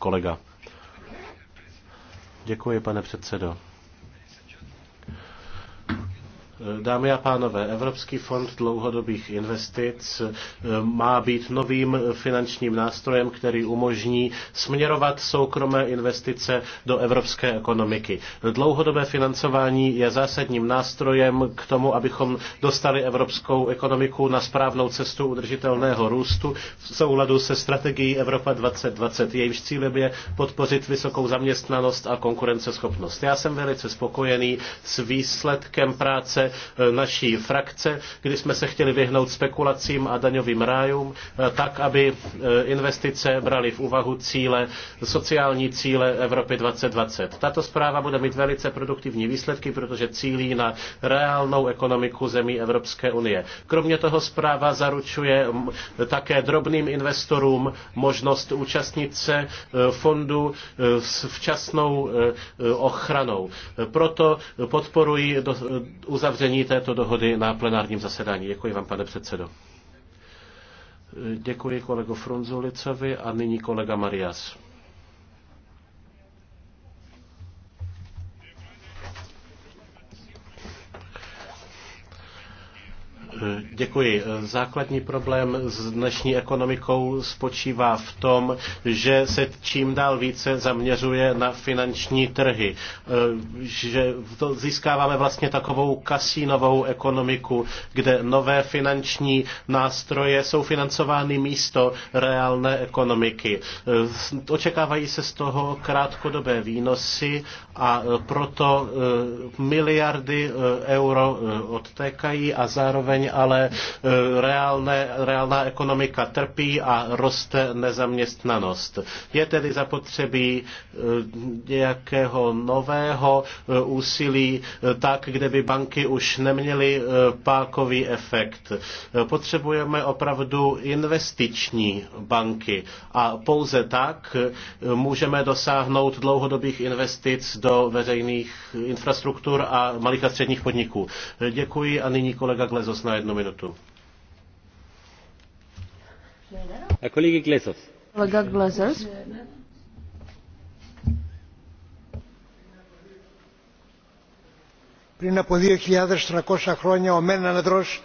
kolega. Děkuji, pane předsedo. Dámy a pánové, Evropský fond dlouhodobých investic eh, má být novým finančním nástrojem, který umožní směrovat soukromé investice do evropské ekonomiky. Dlouhodobé financování je zásadním nástrojem k tomu, abychom dostali evropskou ekonomiku na správnou cestu udržitelného růstu v souladu se strategií Evropa 2020. Jejímž cílem je podpořit vysokou zaměstnanost a konkurenceschopnost. Já jsem velice spokojený s výsledkem práce Eh, naší frakce, kdy jsme se chtěli vyhnout spekulacím a daňovým rájům, eh, tak, aby eh, investice brali v úvahu cíle, sociální cíle Evropy 2020. Tato zpráva bude mít velice produktivní výsledky, protože cílí na reálnou ekonomiku zemí Evropské unie. Kromě toho zpráva zaručuje také drobným investorům možnost účastnit se fondu s včasnou ochranou. Proto podporuji uzavření uzavření této dohody na plenárním zasedání. Děkuji vám, pane předsedo. Děkuji kolego Frunzulicovi a nyní kolega Marias. Děkuji. Základní problém s dnešní ekonomikou spočívá v tom, že se čím dál více zaměřuje na finanční trhy. Že získáváme vlastně takovou kasínovou ekonomiku, kde nové finanční nástroje jsou financovány místo reálné ekonomiky. Očekávají se z toho krátkodobé výnosy a proto miliardy euro odtékají a zároveň ale eh, reálné, reálná ekonomika trpí a roste nezaměstnanost. Je tedy zapotřebí eh, nějakého nového eh, úsilí, tak, kde by banky už neměly pákový efekt. Potřebujeme opravdu investiční banky a pouze tak můžeme dosáhnout dlouhodobých investic do veřejných infrastruktur a malých a středních podniků. Děkuji a nyní kolega Glezos na jednu minutu. A kolegy Glezos. Kolega Glezos. Πριν από chronia o mena na drož.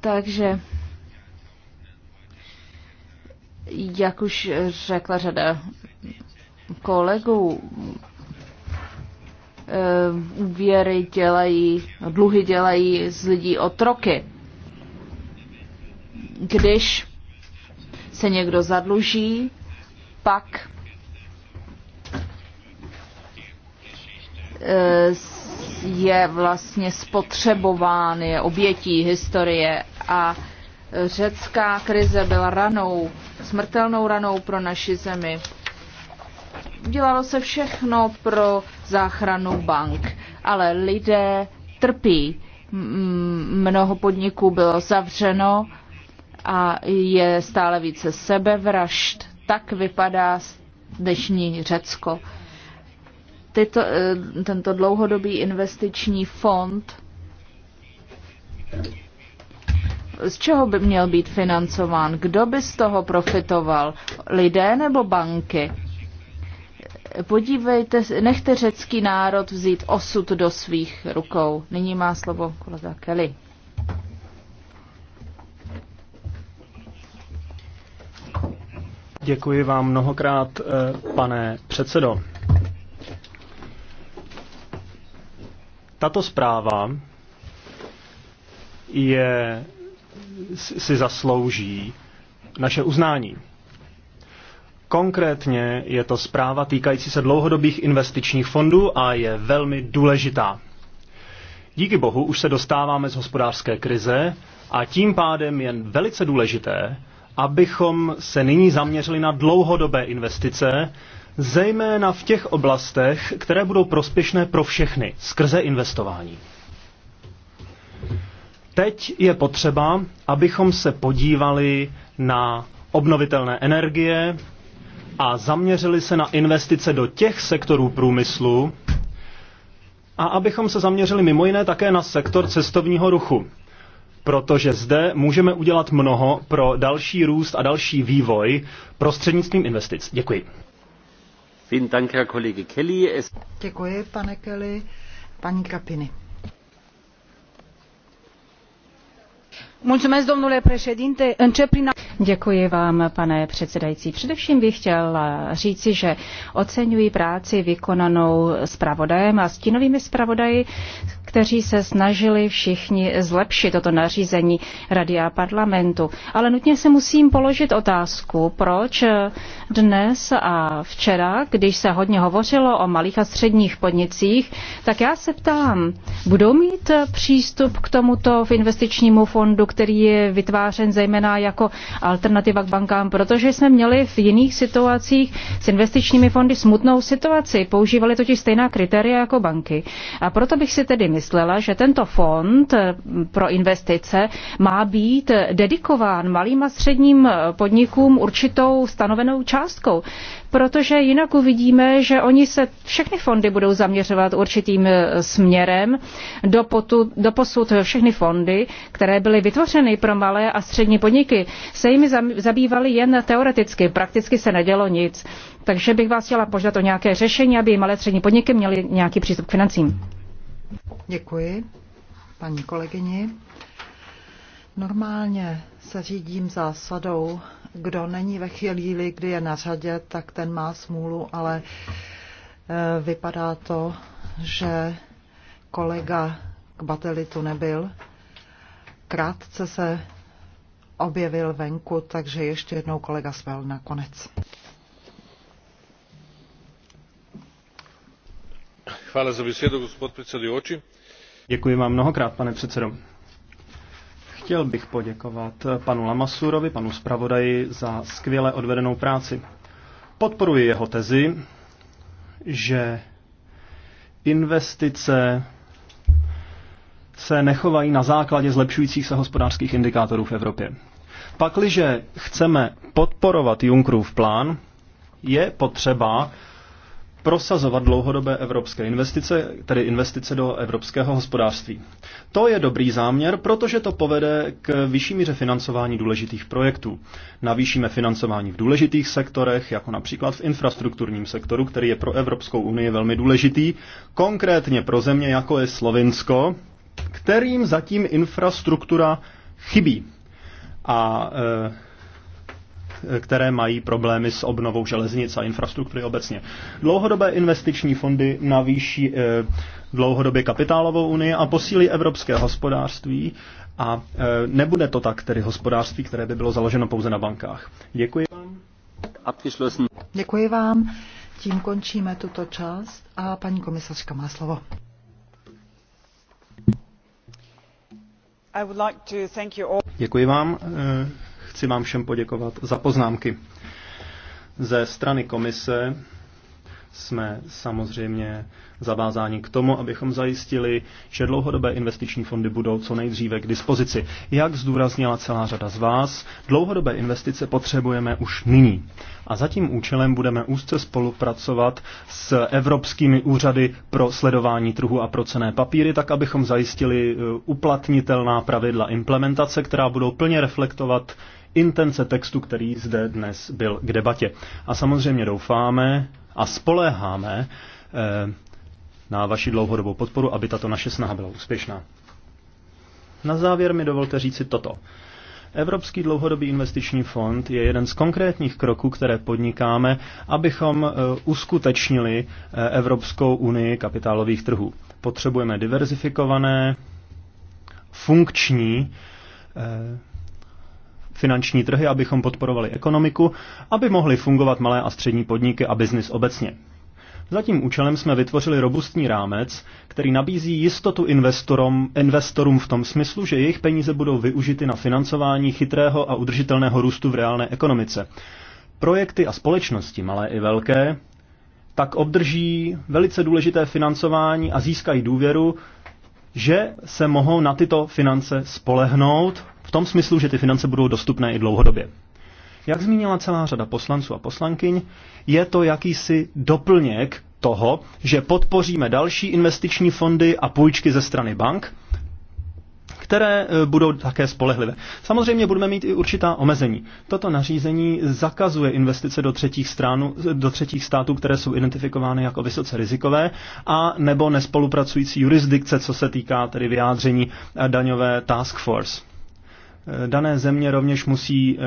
Takže jak už řekla řada kolegů, Eh, úvěry dělají, dluhy dělají z lidí otroky. Když se někdo zadluží, pak eh, je vlastně spotřebován, je obětí historie a řecká krize byla ranou, smrtelnou ranou pro naši zemi dělalo se všechno pro záchranu bank, ale lidé trpí. Mnoho podniků bylo zavřeno a je stále více sebevražd. Tak vypadá dnešní Řecko. Tyto, eh, tento dlouhodobý investiční fond, z čeho by měl být financován? Kdo by z toho profitoval? Lidé nebo banky? Podívejte, nechte řecký národ vzít osud do svých rukou. Nyní má slovo kolega Kelly. Děkuji vám mnohokrát, eh, pane předsedo. Tato zpráva je, si zaslouží naše uznání. Konkrétně je to zpráva týkající se dlouhodobých investičních fondů a je velmi důležitá. Díky bohu už se dostáváme z hospodářské krize a tím pádem je velice důležité, abychom se nyní zaměřili na dlouhodobé investice, zejména v těch oblastech, které budou prospěšné pro všechny skrze investování. Teď je potřeba, abychom se podívali na obnovitelné energie, a zaměřili se na investice do těch sektorů průmyslu a abychom se zaměřili mimo jiné také na sektor cestovního ruchu. Protože zde můžeme udělat mnoho pro další růst a další vývoj prostřednictvím investic. Děkuji. Děkuji, pane Kelly. Paní Kapiny. Děkuji vám, pane předsedající. Především bych chtěl říci, že oceňuji práci vykonanou zpravodajem a stínovými zpravodaji, kteří se snažili všichni zlepšit toto nařízení Rady a parlamentu. Ale nutně se musím položit otázku, proč dnes a včera, když se hodně hovořilo o malých a středních podnicích, tak já se ptám, budou mít přístup k tomuto v investičnímu fondu, který je vytvářen zejména jako alternativa k bankám, protože jsme měli v jiných situacích s investičními fondy smutnou situaci, používali totiž stejná kritéria jako banky. A proto bych si tedy myslel, myslela, že tento fond eh, pro investice má být dedikován malým a středním eh, podnikům určitou stanovenou částkou, protože jinak uvidíme, že oni se všechny fondy budou zaměřovat určitým eh, směrem. do doposud všechny fondy, které byly vytvořeny pro malé a střední podniky, se jimi zabývaly jen teoreticky, prakticky se nedělo nic. Takže bych vás chtěla požádat o nějaké řešení, aby malé střední podniky měly nějaký přístup k financím. Děkuji paní kolegyni. Normálně se řídím zásadou, kdo není ve chvíli, kdy je na řadě, tak ten má smůlu, ale eh, vypadá to, že kolega k batelitu nebyl. Krátce se objevil venku, takže ještě jednou kolega svel na konec. Hvala za besedo, gospod predsedujoči Děkuji vám mnohokrát, pane předsedo. Chtěl bych poděkovat panu Lamasurovi, panu zpravodaji za skvěle odvedenou práci. Podporuji jeho tezi, že investice se nechovají na základě zlepšujících se hospodářských indikátorů v Evropě. Pakliže chceme podporovat Junckerův plán, je potřeba prosazovat dlouhodobé evropské investice, tedy investice do evropského hospodářství. To je dobrý záměr, protože to povede k vyšší míře financování důležitých projektů. Navýšíme financování v důležitých sektorech, jako například v infrastrukturním sektoru, který je pro Evropskou unii velmi důležitý, konkrétně pro země, jako je Slovinsko, kterým zatím infrastruktura chybí. A e, které mají problémy s obnovou železnic a infrastruktury obecně. Dlouhodobé investiční fondy navýší eh, dlouhodobě kapitálovou unii a posílí evropské hospodářství a eh, nebude to tak tedy hospodářství, které by bylo založeno pouze na bankách. Děkuji vám. Děkuji vám. Tím končíme tuto část a paní komisařka má slovo. Děkuji vám. Eh, Chci vám všem poděkovat za poznámky. Ze strany komise jsme samozřejmě zavázáni k tomu, abychom zajistili, že dlouhodobé investiční fondy budou co nejdříve k dispozici. Jak zdůraznila celá řada z vás, dlouhodobé investice potřebujeme už nyní. A za tím účelem budeme úzce spolupracovat s evropskými úřady pro sledování trhu a pro cené papíry, tak abychom zajistili e, uplatnitelná pravidla implementace, která budou plně reflektovat intence textu, který zde dnes byl k debatě. A samozřejmě doufáme, a spoléháme eh, na vaši dlouhodobou podporu, aby tato naše snaha byla úspěšná. Na závěr mi dovolte říci toto. Evropský dlouhodobý investiční fond je jeden z konkrétních kroků, které podnikáme, abychom eh, uskutečnili eh, Evropskou unii kapitálových trhů. Potřebujeme diverzifikované, funkční finanční trhy, abychom podporovali ekonomiku, aby mohly fungovat malé a střední podniky a biznis obecně. Za tím účelem jsme vytvořili robustní rámec, který nabízí jistotu investorům, investorům v tom smyslu, že jejich peníze budou využity na financování chytrého a udržitelného růstu v reálné ekonomice. Projekty a společnosti, malé i velké, tak obdrží velice důležité financování a získají důvěru že se mohou na tyto finance spolehnout v tom smyslu, že ty finance budou dostupné i dlouhodobě. Jak zmínila celá řada poslanců a poslankyň, je to jakýsi doplněk toho, že podpoříme další investiční fondy a půjčky ze strany bank, které eh, budou také spolehlivé. Samozřejmě budeme mít i určitá omezení. Toto nařízení zakazuje investice do třetích, stran, do třetích států, které jsou identifikovány jako vysoce rizikové a nebo nespolupracující jurisdikce, co se týká tedy vyjádření eh, daňové task force. Eh, dané země rovněž musí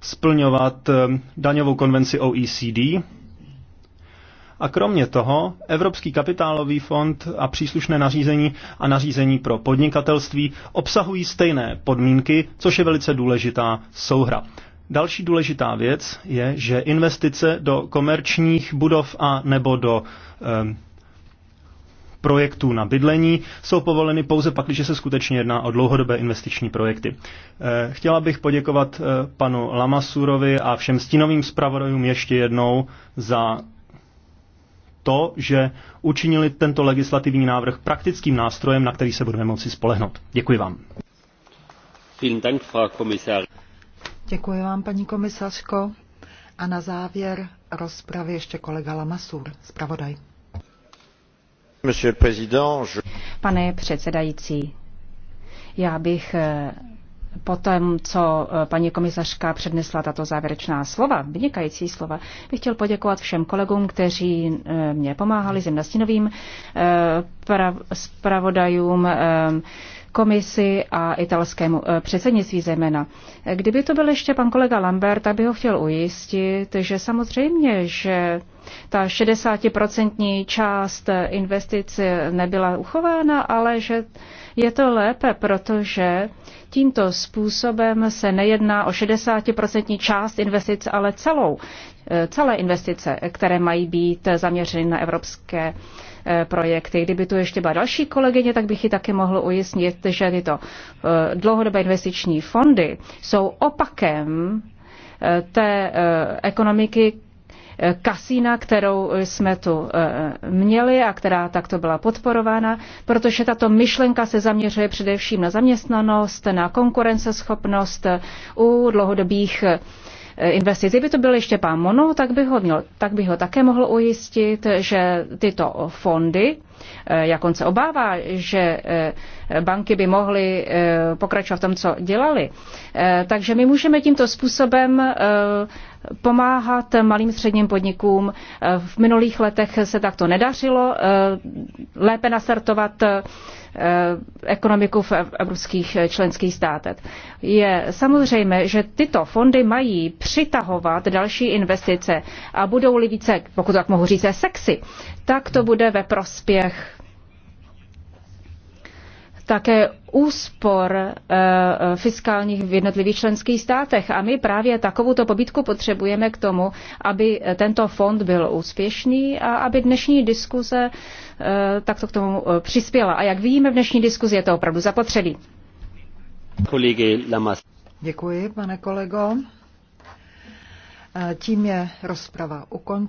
splňovat daňovou konvenci OECD, a kromě toho Evropský kapitálový fond a příslušné nařízení a nařízení pro podnikatelství obsahují stejné podmínky, což je velice důležitá souhra. Další důležitá věc je, že investice do komerčních budov a nebo do eh, projektů na bydlení jsou povoleny pouze pak, když se skutečně jedná o dlouhodobé investiční projekty. Eh, chtěla bych poděkovat eh, panu Lamasurovi a všem stínovým zpravodajům ještě jednou za to, že učinili tento legislativní návrh praktickým nástrojem, na který se budeme moci spolehnout. Děkuji vám. Děkuji vám, paní komisařko. A na závěr rozpravy ještě kolega Lamasur, zpravodaj. Pane předsedající, já bych eh, Potom, co e, paní komisařka přednesla tato závěrečná slova, vynikající slova, bych chtěl poděkovat všem kolegům, kteří e, mě pomáhali, zemnastinovým e, zpravodajům, komisi a italskému eh, předsednictví zejména. Kdyby to byl ještě pan kolega Lambert, tak by ho chtěl ujistit, že samozřejmě, že ta 60% část eh, investic nebyla uchována, ale že je to lépe, protože tímto způsobem se nejedná o 60% část investic, ale celou, eh, celé investice, které mají být zaměřeny na evropské Eh, projekty. Kdyby tu ještě byla další kolegyně, tak bych ji také mohl ujistnit, že tyto eh, dlouhodobé investiční fondy jsou opakem eh, té ekonomiky, kasína, kterou jsme tu měli a která takto byla podporována, protože tato myšlenka se zaměřuje především na zaměstnanost, na konkurenceschopnost u dlouhodobých investic. Kdyby to byl ještě pán Mono, tak by ho měl, tak by ho také mohl ujistit, že tyto fondy, eh, jak on se obává, že eh, banky by mohly eh, pokračovat v tom, co dělali. Takže my můžeme tímto způsobem pomáhat malým středním podnikům. Eh, v minulých letech se takto nedařilo eh, lépe nastartovat eh, ekonomiku v evropských členských státech. Je samozřejmé, že tyto fondy mají přitahovat další investice a budou-li více, pokud tak mohu říct, sexy, tak to bude ve prospěch také úspor eh, fiskálních v jednotlivých členských státech. A my právě takovouto pobídku potřebujeme k tomu, aby tento fond byl úspěšný a aby dnešní diskuze eh, takto k tomu eh, přispěla. A jak vidíme v dnešní diskuzi, je to opravdu zapotřebí. Děkuji, pane kolego. Tím je rozprava ukončena.